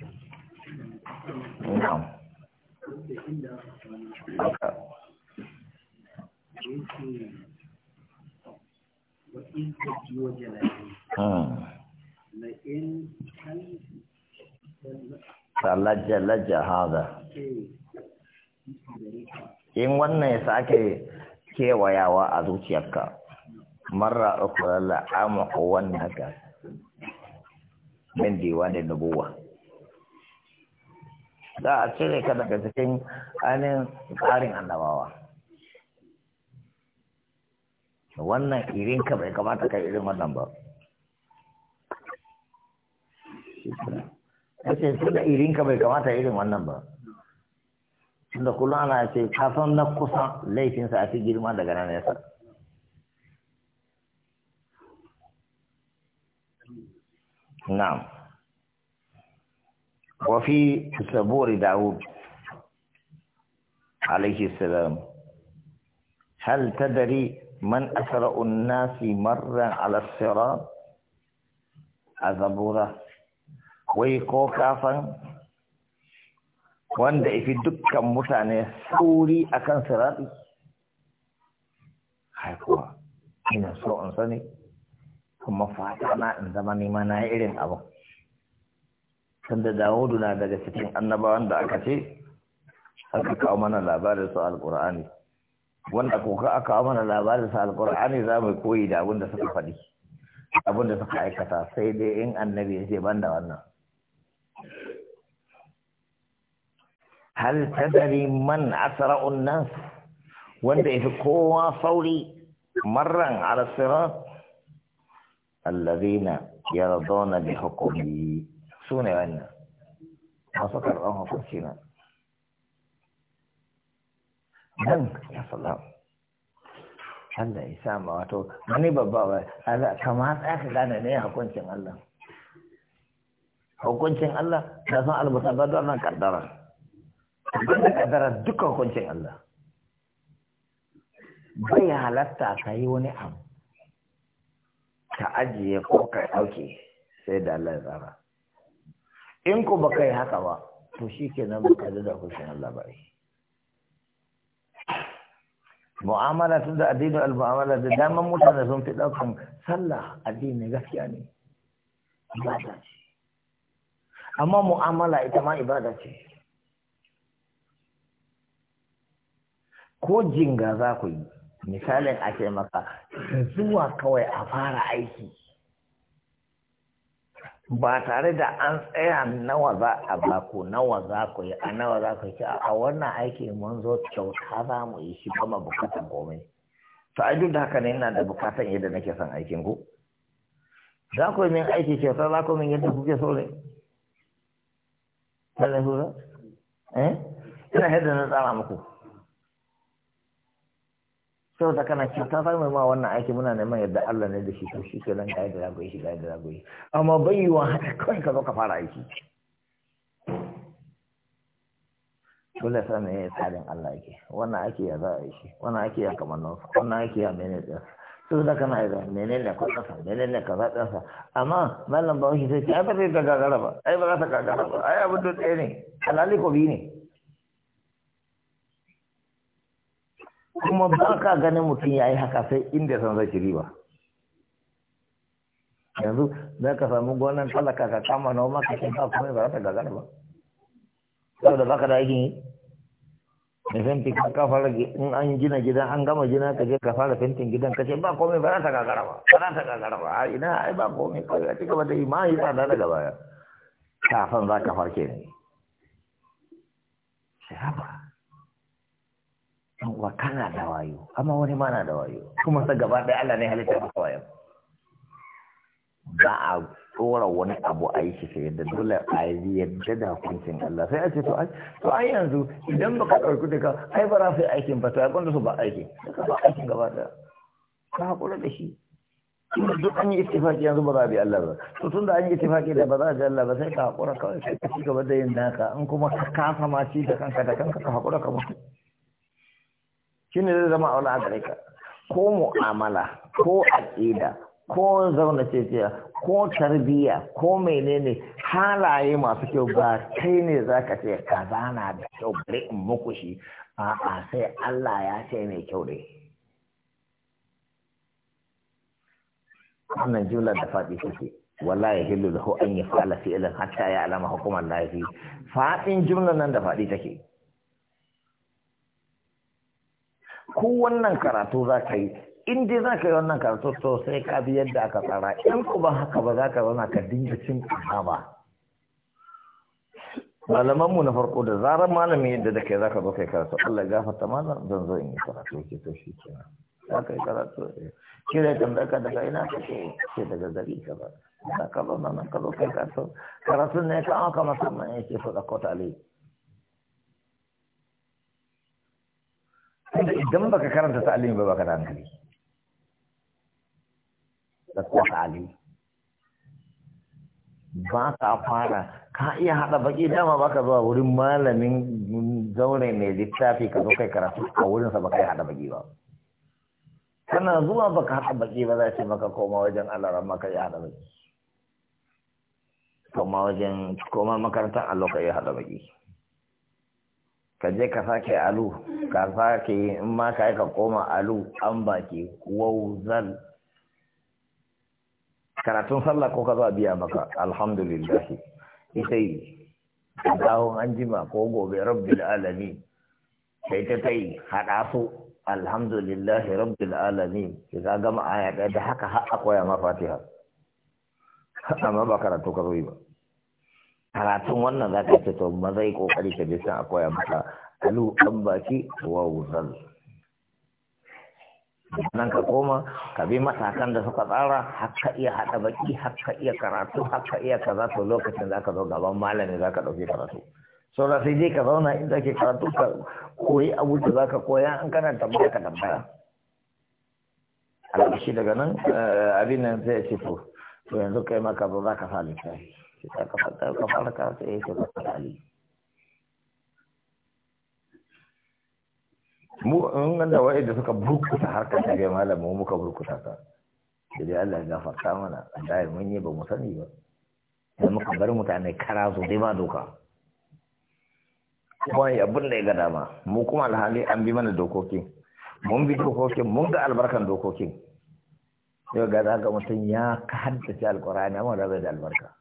na'am haza. Hmm. In wannan ya sake kewayawa a zuciyarka, marar ukurala amma wannan ka, min diwa da nubuwa. za a cire ka daga cikin ainihin tsarin annabawa wannan irin ka bai kamata kai irin wannan ba kace su da irin ka bai kamata irin wannan ba da kullum ana ce kasan na kusa laifinsa a fi girma daga nan nesa na'am وفي سبور داود عليه السلام هل تدري من أسرع الناس مرة على الصراط أزبورة ويقو كافا wanda ifi dukkan mutane sauri akan sirati haikuwa ina so sani kuma fata na in zama nema na irin abin sanda Dawudu na daga cikin annabawan da aka ce aka kawo mana labarin su alkur'ani wanda ko ka aka kawo mana labarin su alkur'ani za mu koyi da abin da suka faɗi abin da suka aikata sai dai in annabi ya ce ban da wannan hal tadari man asra'un nas wanda yafi kowa sauri marran ala sirat alladhina yarduna bi hukmi su ne wannan masu karɓar hukunci nan nan ya salam Allah ya sa ma wato wani babba ba Allah kama tsaya ka gane ne hukuncin Allah hukuncin Allah da san albusa ba don nan kaddara da kaddara duka hukuncin Allah bai halatta ka yi wani abu ka ajiye ko ka ɗauke sai da Allah ya tsara in ku baka yi haka ba to shi ke nan baka da da hushin Allah ba mu'amala tun da addinin al-mu'amala da daman mutane sun fi ɗaukan sallah addini gaskiya ne ibada ce amma mu'amala ita ma ibada ce ko jinga za ku yi misalin ake maka zuwa kawai a fara aiki ba tare da an tsaya nawa za a ba ku nawa za ku yi a nawa za ku yi a wannan aiki mun zo kyauta za mu yi shi ba ma bukatan komai to ai duk da haka ne ina da bukatan yadda nake son aikin ku za ku yi min aiki kyauta za ku min yadda kuke so ne Allah hura eh ina yadda na tsara muku sau da kana cuta ta mai ma wannan aiki muna neman yadda Allah ne da shi to shi ke nan ga yadda zagoyi shi ga yadda zagoyi amma bayyuwa haka kawai ka zo ka fara aiki dole sa ne tsarin Allah yake wannan aiki ya za a yi shi wannan aiki ya kamar nan wannan aiki ya mene ɗin sau da kana yadda mene ne ka sa mene ne kaza ɗin sa amma malam ba shi sai ce ai ba zai ta gagara ba ai ba za ta gagara ba ai abin da tsaye ne alali ko biyu ne kuma ba ka ganin mutum ya yi haka sai inda san zai riba yanzu za ka samu gonan talaka ka kama na ka ce ba kuma ba za ta gagara ba saboda ba ka da aikin yi mai fenti ka ka fara in an gina gidan an gama gina ka je ka fara fentin gidan ka ce ba komai ba za ta gagara ba ba za ta gagara ba a ina ai ba komai kawai a ba da imani da daga baya kafin za ka farke ne. Shaba. wa kana da wayo amma wani ma na da wayo kuma sa gaba ɗaya Allah ne halitta masa wayo ba a tsora wani abu a yi shi sai yadda dole a yi yadda da hukuncin Allah sai a ce to ai to ai yanzu idan baka ɗauki daga ai ba za su yi aikin ba to ai kwanda su ba aiki daga ba aikin gaba ɗaya ka haƙura da shi tunda duk an yi itifaki yanzu ba za a bi Allah ba to tun da an yi itifaki da ba za a bi Allah ba sai ka haƙura kawai sai ka ci gaba da yin naka in kuma ka kasa ma ci da kanka da kanka ka haƙura ka mutu shi ne zai zama a wani agare ko mu'amala ko aƙida ko zauna cefiya ko tarbiyya ko menene halaye masu kyau ba kai ne za ka ce kaza na da kyau bari in muku shi a'a sai Allah ya ce mai kyau dai wannan jimlar da faɗi suke wala ya hillu lahu an yi fa'ala fi'lan hatta ya alama hukumar lafi fa'in jimlar nan da faɗi take ko wannan karatu za ka yi in dai za ka yi wannan karatu to sai ka bi yadda aka tsara in ku ba haka ba za ka zauna ka dinga cin ba malaman mu na farko da zarar malami yadda da kai za ka zo kai karatu Allah gafarta malam zan zo in yi karatu ke to shi kenan za ka yi karatu eh. kira kan da ka daga ina ka ce Ke daga gari ka ba za ka zo nan ka zo kai karatu Karatu ne ka aka kama mai ke fada kota alai tunda idan baka karanta ta alimi ba baka da hankali da ta alimi ba ka fara ka iya hada baki dama ka zuwa wurin malamin zaure mai littafi ka zo kai karatu a wurinsa ka yi hada baki ba kana zuwa ba ka haɗa baki ba za ce maka koma wajen alaran maka iya hada baki koma wajen koma makarantar Allah ka iya hada baki ka je ka sake alu ka sake in ma ka yi ka koma alu an baki wauzal karatun sallah ko ka zo a biya maka alhamdulillah ita yi dawon an jima ko gobe rabbil alami sai ta ta yi haɗa su alhamdulillah rabbil alami ki gama aya da haka har a koya ma fatiha amma ba karatu ka zo yi ba karatun wannan za ka ce to maza yi kokari ka je san a koya maka alu an baki wa wuzal nan ka koma ka bi matakan da suka tsara haka iya haɗa baki haka iya karatu haka iya kaza to lokacin za ka zo gaban malami za ka dauke karatu da sai dai ka zauna inda ke karatu ka koyi abu da za ka koya an kana tambaya ka tambaya alaƙashi daga nan eh, abin nan sai ya ce to yanzu kai maka ba za ka sa littafi kita ta kafa ka farka ya ali mu engan da wa'ida suka burkuta harkar ta kai malamu muka burkuta ka Jadi Allah dah fakta mana da mun yi ba mu sani ba da muka bar mutane kara su dai ba doka kuma ya abin da ya ga dama mu kuma alhali an bi mana dokokin mun bi dokokin mun ga albarkan dokokin yau ga za ga mutum ya haddace alkurani amma da bai da albarka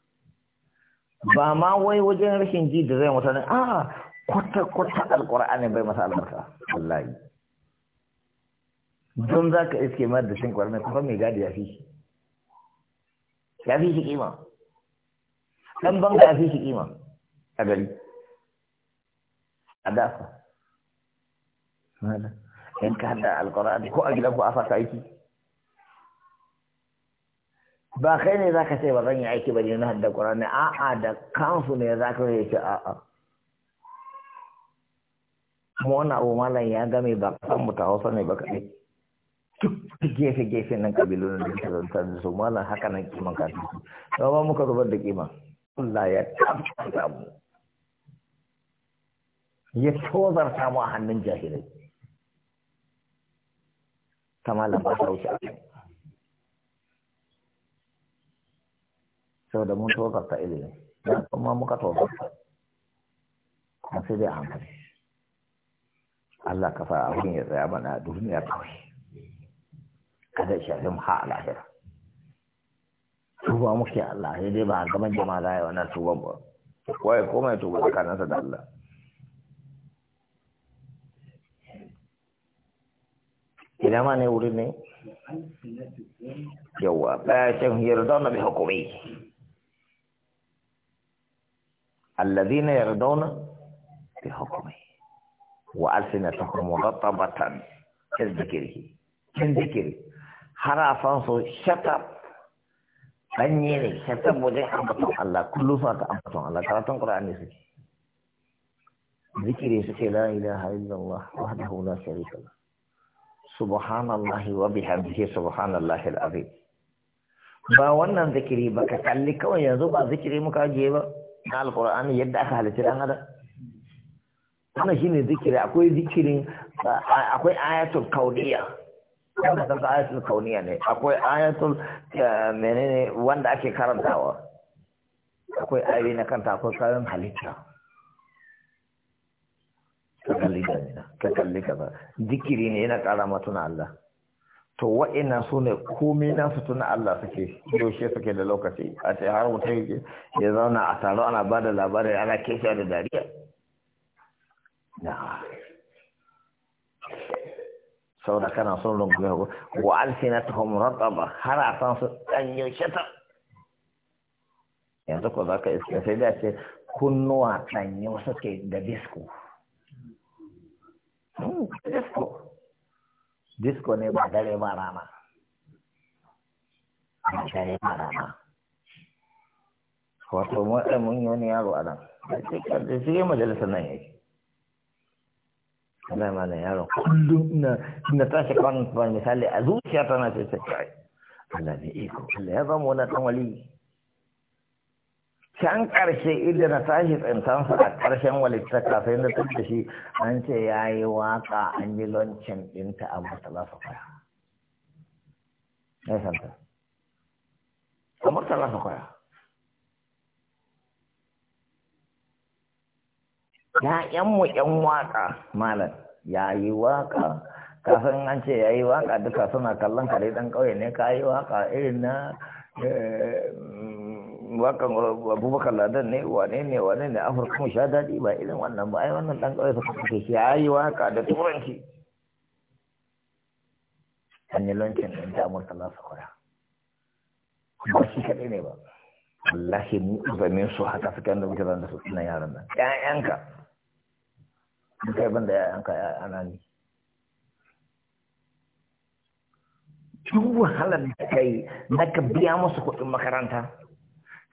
ba ma wai wajen rashin ji da zai mutane a kwata kwata alkur'ani bai masa albarka wallahi don za ka iske mar da shin kwarmi kuma mai gadi ya fi shi ya fi shi kima dan banga ya fi shi kima a gari a dafa yan ka hada alkur'ani ko a gida ko a fata aiki ba kai ne za ka ce ba zan yi aiki ba ne na hadda ƙwararri a'a da kansu ne za ka yi ce a'a kuma wannan abu malam ya game ba kan mu ta hausa ne ba kaɗai duk gefe gefe nan kabilun da ta zanta da su malam haka nan kiman kafin su ba muka zubar da kima Allah ya tabbata mu ya tozar samu a hannun jahilai ta malam ba a kai saboda mun tofarta ilimi Ya kuma muka tofarta a sai dai hankali Allah ka sa abin ya tsaya mana a duniya kawai kada shi azum ha a lahira tuba muke Allah sai dai ba a gaban jama'a za a yi wannan tuban ba kawai komai tuba tsakaninsa da Allah ina ma ne wurin ne yawwa ɗaya shan yarda na bi hukumi alladhina yardawna bi hukmi wa alsinatahum mughattabatan kin zikiri kin zikiri harafan su shatab danye ne shatab wajen ambaton Allah kullum sa ta ambaton Allah karatun Qur'ani suke zikiri suke la ilaha illallah wahdahu la sharika lah subhanallahi wa ba wannan zikiri ba ka kalli kawai yanzu ba zikiri muka je ba na alkur'ani yadda aka halitta dan adam wannan shine zikiri akwai zikirin akwai ayatul kauniya wanda ta ayatul kauniya ne akwai ayatul eh, menene wanda ake karantawa akwai ayoyi na kanta akwai kayan halitta ka kalli ka zikiri ne yana kara matuna Allah to wa'ina su ne komi nasu tuna Allah suke yaushe suke da lokaci a ce har mutum yake ya zauna a taro ana ba da labarai ana kesha da dariya na sau da kana son rungume wa alfina ta homo ba har a san su dan yaushe ta yanzu ko za ka iske sai da ce kunnuwa ɗanyo suke da disko hmm, disko disko ne ba dare ba rana ba dare ba rana wato motsa eh, mun yi wani yaro a nan da shi yi majalisa nan yake Allah ma yaro kullum na ina tashi kan misali a zuciya tana ce ce Allah ne iko Allah ya zama wani dan wali can ƙarshe inda na tashi tsintansa a ƙarshen walittar kafin da tafi shi an ce ya yi waƙa an yi lancin ɗinta a murtala kwaya. ya santa a murtala sakwaya mu ƴan waƙa malam ya yi waƙa kafin an ce ya yi waƙa duka suna kallon kare ɗan ƙauye ne ka yi waƙa irin na eh, wakan abubakar ladan ne wane ne wane ne afirka mu sha daɗi ba irin wannan ba ai wannan ɗan ƙawai suka kashe shi ya yi waka da turanci an yi lancin ɗin ta amurka za su kwaya ba shi kaɗai ne ba wallahi mu zamin su haka suke da muke zan da su suna yaran nan ƴaƴanka in kai ban da ƴaƴanka ana ne duk wahalar da kai na ka biya musu kuɗin makaranta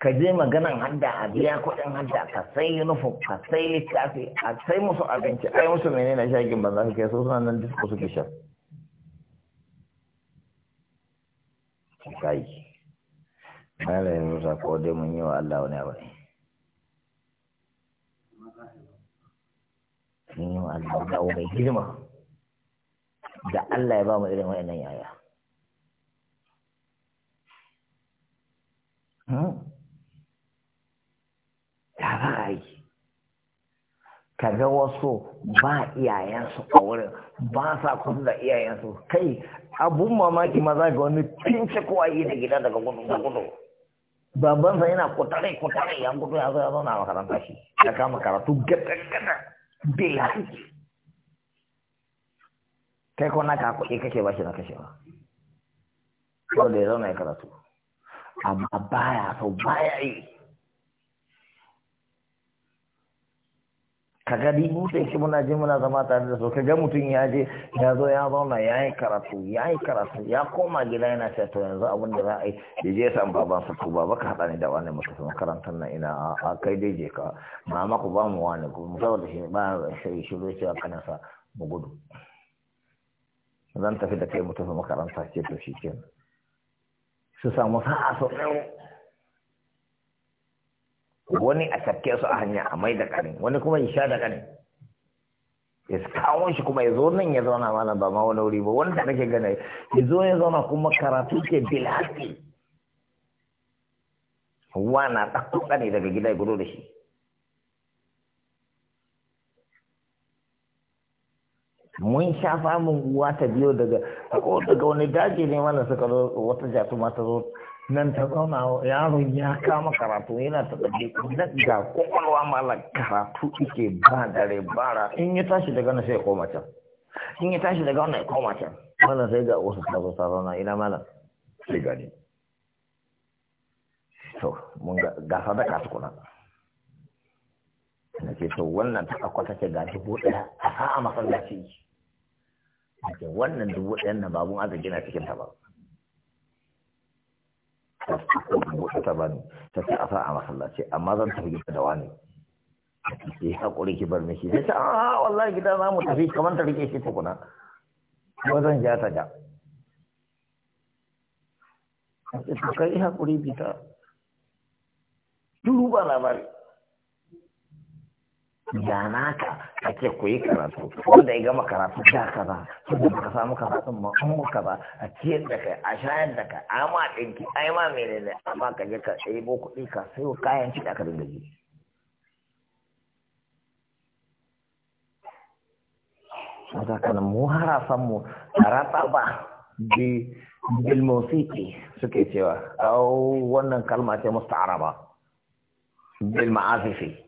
ka je maganan hadda a biya kuɗin hadda ka sai yunifom ka sai littafi a sai musu abinci ai musu mene na shagin ba za ka kai so suna nan disko su shan kai mala yanzu ta ko dai mun yi wa Allah wani abu ne mun yi wa Allah wani abu mai girma da Allah ya ba mu irin wayannan yaya Hmm. ra'ayi ka ga wasu ba iyayensu a wurin ba sa kusa da iyayensu kai abun mamaki ma za ga wani pince ko yi da gida daga gudu da gudu babansa yana kutare kutare ya gudu ya zo ya zauna a makaranta shi ya kama karatu gata-gata haƙi kai ko naka kuɗi kake ba shi na ba yau da ya zauna ya karatu amma baya so baya yi ka gani buɗe shi muna je muna zama tare da su ka ga mutum ya je ya zo ya zauna ya yi karatu ya yi karatu ya koma gida yana cewa to yanzu abin da za a yi ya je san baban sa to baba ka haɗa ni da wani mutum san makarantar nan ina a kai dai je ka mama ku ba mu wani ku mu saboda shi ba shi shiru cewa kana sa mu gudu zan tafi da kai mutum makaranta ce to shi kenan su samu sa'a sau wani a tafke su a hanya a mai da kanin wani kuma ya sha da kanin ya kawo shi kuma ya zo nan ya zauna mana ba ma wani wuri ba wanda nake gane ya zo ya zauna kuma karatu ke bilhaki wa na ɗakko ƙane daga gida ya gudu da shi mun sha famun uwa ta biyo daga daga wani daji ne mana suka zo wata jatuma ta zo nan ta zauna yaron ya kama karatu yana ta tsaye nan ga kwakwalwa malam karatu ike ba dare bara in ya tashi daga nan sai ya koma can in ya tashi daga wannan ya koma can malam sai ga wasu sabon sabon ina malam sai gani to mun ga sadaka tukuna na ce to wannan ta akwata ce ga dubu ɗaya a sa'a masallaci wannan dubu ɗayan na babun arziki na cikin ta ba ta ta bani ta ce a a masallaci amma zan tafi da wani ki hakuri ki bar miki sai ta a ah, ah, wallahi gida na mu tafi kamar ta rike shi tukuna ko zan ja ta ja ta kai hakuri bita duba labari da naka ka ce ku yi karatu wanda ya gama karatu da kaza tunda baka samu karatun ma an muka ba a ciyar da kai a shayar da kai a ma ɗinki a yi ma menene amma ka je ka ɗebo kuɗi ka sayo kayan ci da ka dinga ji saboda kana mu harafan mu karata ba bi bilmosiki suke cewa au wannan kalma ce araba, araba bilma'azifi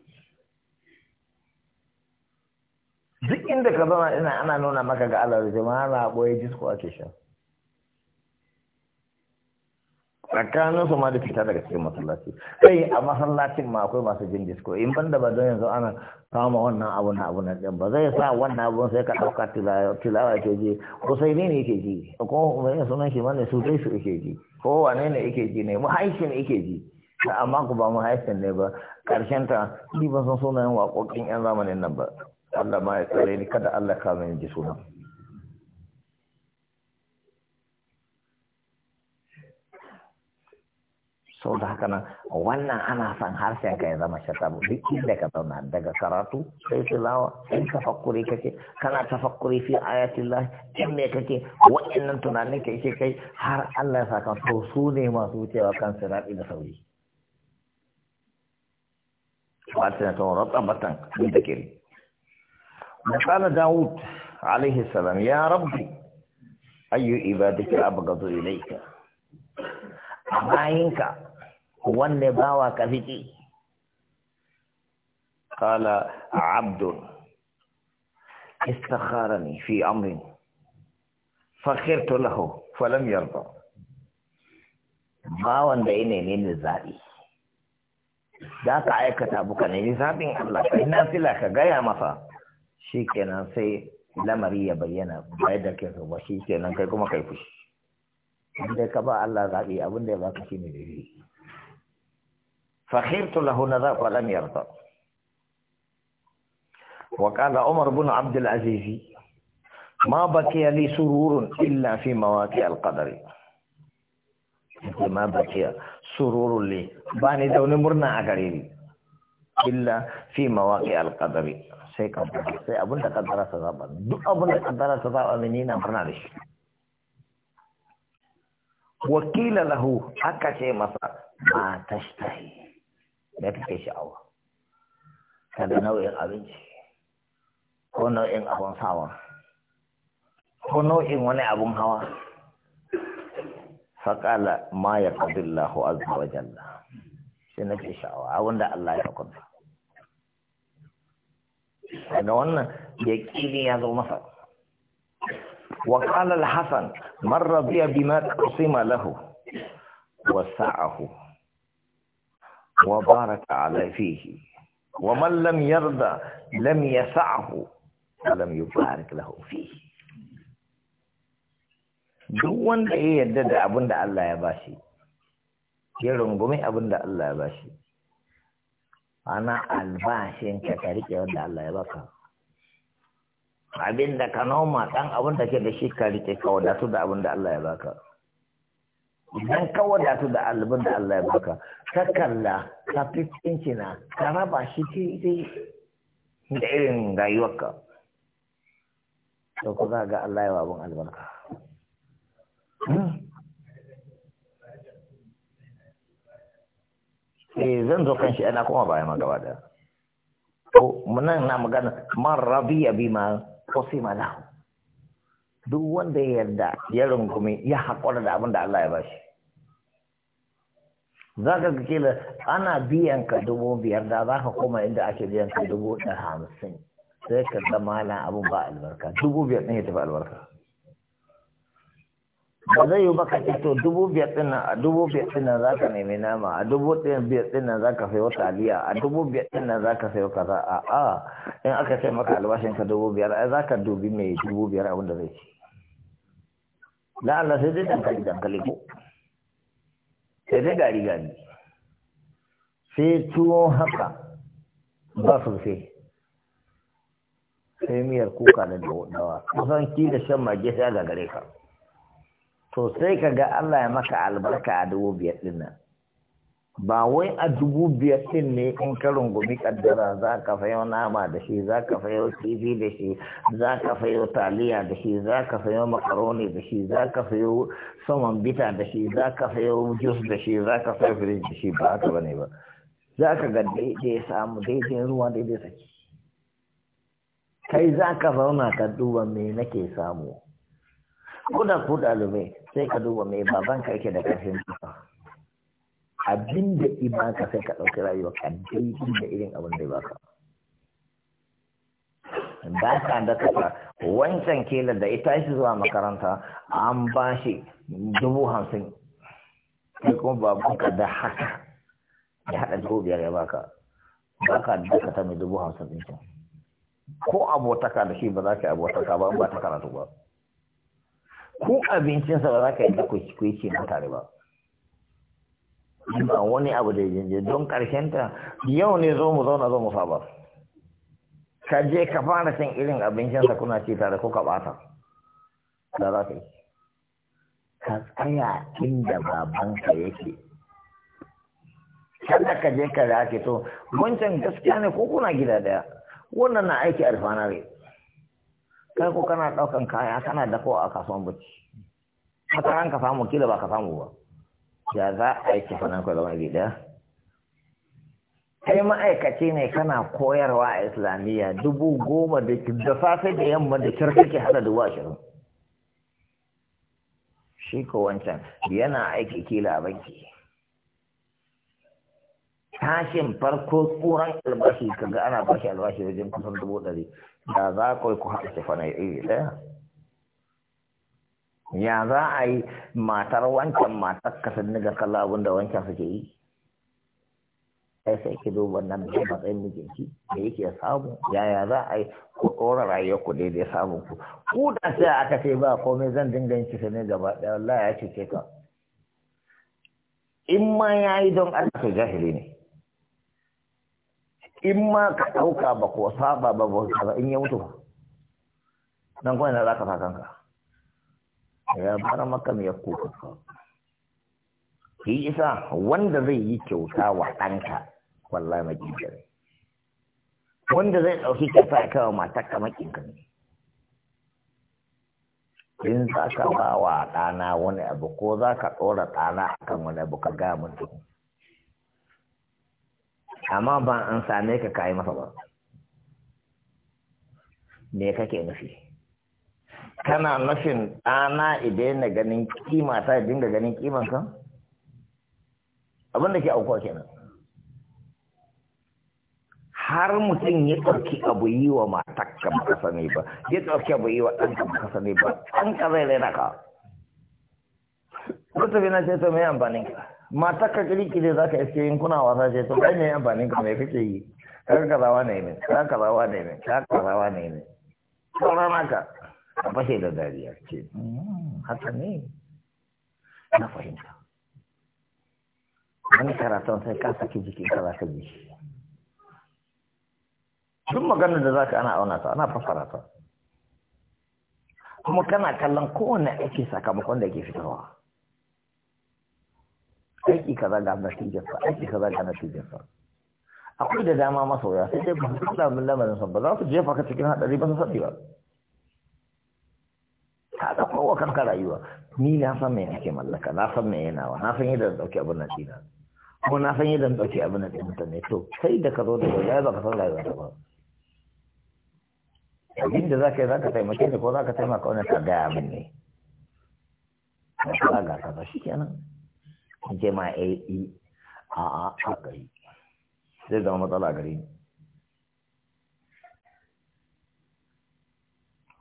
duk inda ka zama ina ana nuna maka ga Allah da jama'a na boye disko ake sha tsakanin su ma da fita daga cikin masallaci kai a masallacin ma akwai masu jin disko in banda ba don yanzu ana kama wannan abu na abu na ɗin ba zai sa wannan abun sai ka ɗauka tilawa ke ji ko sai ne ne ke ji ko mai sunan shi mana su dai su ke ji ko wane ne ke ji ne muhaifin ke ji amma ku ba muhaifin ne ba ƙarshen ta ni ban san sunayen waƙoƙin 'yan zamanin nan ba Allah ma ya tsare ni kada Allah ka zan ji suna? sau da haka nan wannan ana son harshen ka ya zama shatabu duk inda ka zauna daga karatu sai tilawa in tafakkuri kake kana tafakkuri fi ayatillah in me kake wa'annan tunanin ka yake kai har Allah ya saka so su ne masu wucewa kan sirati da sauri fatina ta ni da kiri قال داود عليه السلام يا ربي أي إبادك أبغض إليك أباينك وان باواك فيكي قال عبد استخارني في أمر فخرت له فلم يرضى ما da من ne ne عيكة أبوك نجي aikata الله ne سلاك غير kai shi kenan sai lamari ya bayyana ba yadda ke so ba shi kenan kai kuma kai fushi inda ka ba Allah zaɓi abin da ya baka shi ne daidai fakhirtu lahu nadha wa lam yarda wa qala umar ibn abd al-aziz ma baqiya li sururun illa fi mawaqi al qadari ma baqiya sururun li bani da wani murna a gare ni illa fi mawaqi al-qadari sai kaddara sai abin da kaddara ta zaba duk abin da kaddara ta zaba ni na farna da shi wakila lahu aka ce masa ma tashtahi da kake sha'awa kada nau'in abinci ko nau'in abun sawa ko nau'in wani abun hawa faƙala ma ya ƙadillahu azza wa jalla sai na ce sha'awa abin da Allah ya kwanta هذا وانا يكيني هذا المثل وقال الحسن من رضي بما قسم له وسعه وبارك على فيه ومن لم يرضى لم يسعه ولم يبارك له فيه دون ايه يدد yarda الله abin da Allah ya bashi ya rungume abin ana albashin ka ka rike wanda Allah ya baka abin da ka noma dan abin da ke da shi ka rike ka wadatu da abin da Allah ya baka idan ka wadatu da albin da Allah ya baka ka kalla ka fitincina ka raba shi daidai da irin rayuwarka to ku za ga Allah ya wa albarka hmm? eh zan zo kan shi ana kuma baya ma gaba da ko munan na magana man rabiya bima qasima lahu duk wanda ya yarda ya rungume ya haƙura da abin da Allah ya bashi za ka ga kila ana biyan ka dubu biyar da za ka koma inda ake biyan ka dubu ɗari hamsin sai ka zama na abin ba albarka dubu biyar ɗin ya tafi albarka ba zai yi baka ce to dubu biyar ɗin a dubu biyar ɗin nan za ka nemi nama a dubu biyar ɗin nan za ka sayo taliya a dubu biyar ɗin nan za ka sayo kaza a a in aka ce maka albashin ka dubu biyar ai za ka dubi mai dubu biyar abin da zai ci la Allah sai dai dankali dankali ko sai dai gari gari sai tuwo haka ba sosai sai miyar kuka da dawa kusan ki da shan mage sai a gagare ka to sai ka ga Allah ya maka albarka a dubu biyar ɗin nan ba wai a dubu biyar ɗin ne in ka rungumi kaddara za ka fayo nama da shi za ka fayo kifi da shi za ka fayo taliya da shi za ka fayo makaroni da shi za ka fayo saman bita da shi za ka fayo jus da shi za ka fayo firin da shi ba haka ba ne ba za ka ga daidai samu daidai ruwa daidai saki kai za ka zauna ka duba me nake samu ko da ku sai ka duba mai baban ka yake da ƙarfin abin da ka sai ka ɗauki rayuwa ka daidai da irin abin da ibaka ba ka da kasa wancan kela da ita shi zuwa makaranta an ba shi dubu hamsin sai kuma babanka da haka ya haɗa dubu biyar ya baka ba ka da ta mai dubu hamsin ɗin ko abotaka da shi ba za ka abotaka ba ba ta karatu ba ko abincinsa ba za ka yi da ku yi na tare ba ba wani abu da yi don ta yau ne zo mu zauna zo mu saba ka je ka fara cin irin abincinsa kuna ci tare ko ka bata da za ka yi ka tsaya inda babanka yake kada ka je ka da ake to wancan gaskiya ne ko kuna gida daya wannan na aiki alfana ne kai ko kana ɗaukan kaya kana ko a kasuwan bacci haka ranka ka samu kila ba ka samu ba ya za a yi kifanan da zama da kai ma'aikaci ne kana koyarwa a islamiyya dubu goma da safe da yamma da kyar kake hada dubu ashirin shi ko wancan yana aiki kila a banki tashin farko tsoron albashi kaga ana bashi albashi wajen kusan dubu ɗari da za ku ku haɗa tafanai iri ɗaya ya za a yi matar wancan matar kasar niga kalla abin da wancan suke yi sai sai ki duba nan da matsayin mijinki da yake samu yaya za a yi ku ɗora rayuwar ku daidai samun ku ku da sai aka ce ba komai zan dinga yin kisa ne gaba ɗaya Allah ya ce ka in ma ya yi don Allah to jahili ne in ma ka ɗauka ba ko saba ba ba kaza in ya mutu ba nan kuma yana za ka ka ya bara maka mai kuka ka shi isa wanda zai yi kyauta wa ɗanka wallahi maƙinka ne wanda zai ɗauki kyauta ya kawo mata ka ne in za ka ba wa ɗana wani abu ko za ka ɗora ɗana akan wani abu ka gaya mutum amma ba an same ka kayi masa ba me kake nufi kana nufin ɗana idan na ganin kima ta dinga ganin kiman kan abin da ke aukuwa kenan har mutum ya ɗauki abu yi wa matakka baka sami ba ya ɗauki abu yi wa ɗanka baka sami ba ɗanka zai raina ka ko tafi na ce to mai amfanin ka mata ka kirkire za ka iske yin kuna wasa ce to kai ne amfanin ka mai kake yi kar kazawa ne ne kar kazawa ne ne kar kazawa ne ne sauran ka a fashe da dariya ce hmm, haka ne na fahimta wani karatun sai ka saki jikin ka za ka ji shi duk maganar da za ka ana auna ta ana fassara ta kuma kana kallon kowane ake sakamakon da ke fitarwa aiki kaza ga natijarsa aiki kaza ga natijarsa akwai da dama masoya sai dai ba su kada lamarin sa ba za su jefa ka cikin hadari ba su sani ba ta da kowa kanka rayuwa ni na san me yake mallaka na san me yana wa na san yadda zan dauke abin nan dina ko na san yadda zan dauke abin nan dina mutane to Sai da ka zo da gaba ba ka san rayuwa ba abin da zaka yi zaka taimake ni ko zaka taimaka wani ta gaya min ne ka ga ka ba kenan jama'i a a a gari zai zama matsala gari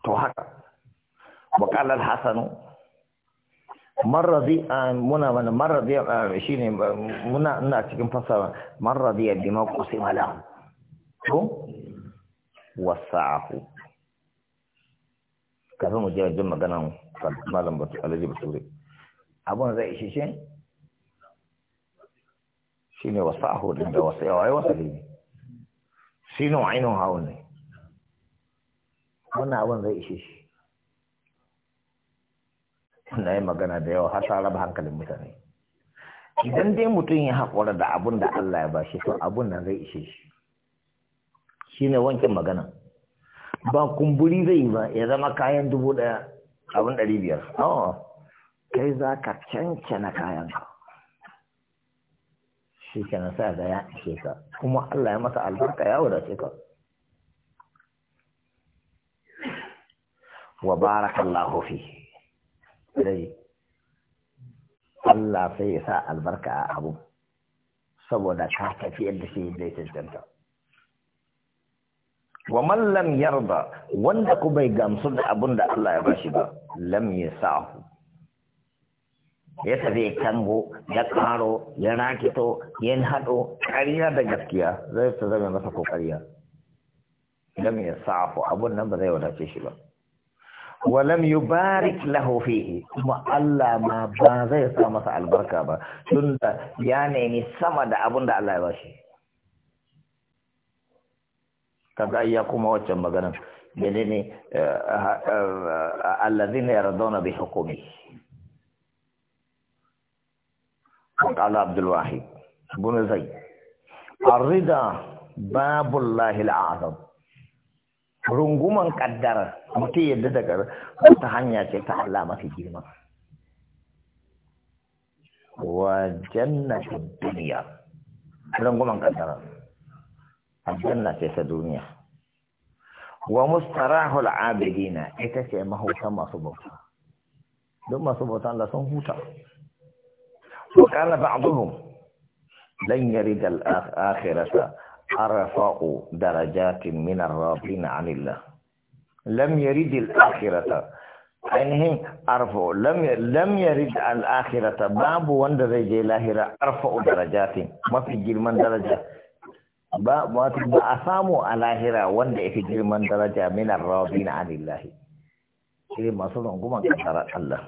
to haka wakalar hasanu marrazi a muna mana marrazi a shi ne muna ina cikin fasa marrazi bi ma qusima mala to wasa ahu kafin mu je wajen maganan malam batu alaji batu abun zai ishe shi shine wasu ahudin da wasu yawai wasu ne shi ne ainihin hawan ne wannan abin zai ishe shi na yi magana da yawa har ta raba hankalin mutane idan dai mutum ya haƙura da abun da Allah ya bashi to abun nan zai ishe shi shi ne wankin magana ba kumburi zai yi ba ya zama kayan dubu ɗaya abin ɗari biyar kai za ka cancana kayanka shi kenan sai ga ya ishe ka kuma Allah ya masa albarka ya wadace ka wa barakallahu fi dai Allah sai ya sa albarka a abu saboda ka tafi yadda shi zai tantanta wa mallam yarda wanda ku bai gamsu da abun da Allah ya bashi ba lam yasahu ya tafi kango ya karo ya rakito ya haɗo ƙarya da gaskiya zai ta zama masa ko Idan lam ya safo abun nan ba zai wadace shi ba wa lam yubarik lahu fihi kuma Allah ma ba zai sa masa albarka ba tun da ya nemi sama da abun da Allah ya bashi kaga iya kuma waccan maganar menene eh, eh, eh, allazina yarduna bi hukumi قال عبد الواحد بن زيد الرضا باب الله الاعظم رنغومن قدر متي يد دكر حتى حنيا تي في جيرما وجنة الدنيا رنغومن قدر الجنة تي الدنيا ومستراح العابدين اتسي ما هو سما سبوتا دوما سبوتا لا سن هوتا وقال بعضهم لن يرد الآخرة أرفع درجات من الرابين عن الله لم يرد الآخرة ainihin babu wanda zai je lahira arfa darajatin mafi girman daraja ba ba a samu a lahira wanda yake girman daraja min ar-rabina anillahi masu runguman kasar Allah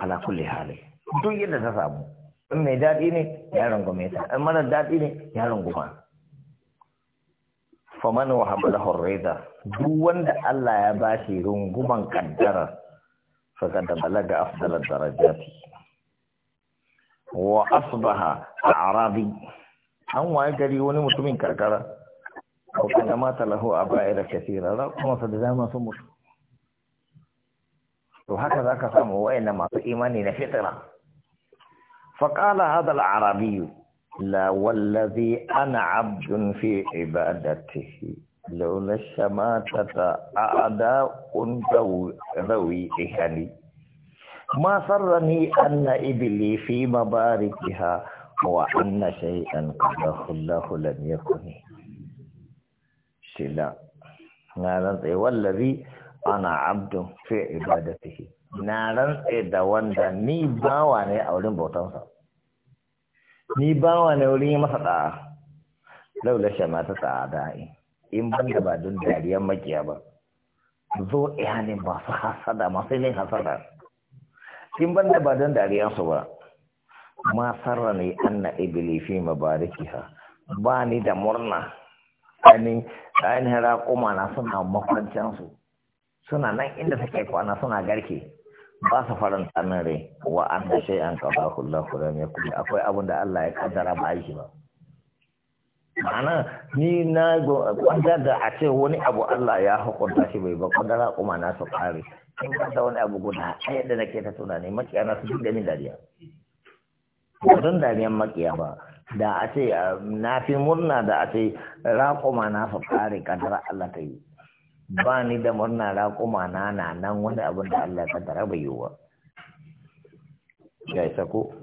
ala kulle hali duk yadda ta samu in mai daɗi ne ya rungume ta in mara daɗi ne ya runguma faman wa habala horreza duk wanda Allah ya ba shi runguman kaddara faqad balaga afdal darajati wa asbaha arabi an waye gari wani mutumin karkara ko kuma mata lahu abaira kathira kuma sa da dama sun mutu وهكذا haka zaka samu wayannan masu فقال هذا العربي لا والذي أنا عبد في عبادته لولا الشماتة أعداء ذوي إهني ما سرني أن إبلي في مباركها وأن شيئا قد الله لم يكن سلا والذي ana fiye fi ibadatihi na rantse da wanda ni bawa ne a wurin bautansa ni bawa ne wurin yi masa da'a laula shama ta tsada in ban da ba don dariyar makiya ba zo iyalin masu hasada masu yin hasada in ban da ba don su ba ma sarra ne an na mabariki ha, ba ni da murna ainihin raƙuma na suna makwancansu suna nan inda suke kwana suna garke ba su faranta min rai wa an da shai an kaba kullum kuma ya kuma akwai abin da Allah ya kaddara ba aiki ba ma'ana ni na kwantar da a ce wani abu Allah ya hukunta shi bai ba kwadara kuma na su kare in ba da wani abu guda yadda na ke ta ne makiya na su duk da min dariya ba don dariyan makiya ba da a ce ah, na fi murna da a ce raƙuma na su kare kaddara Allah ta yi ba ni da murna raƙuma na na nan wani abin da Allah ya kaddara bai yi ba ya isa ko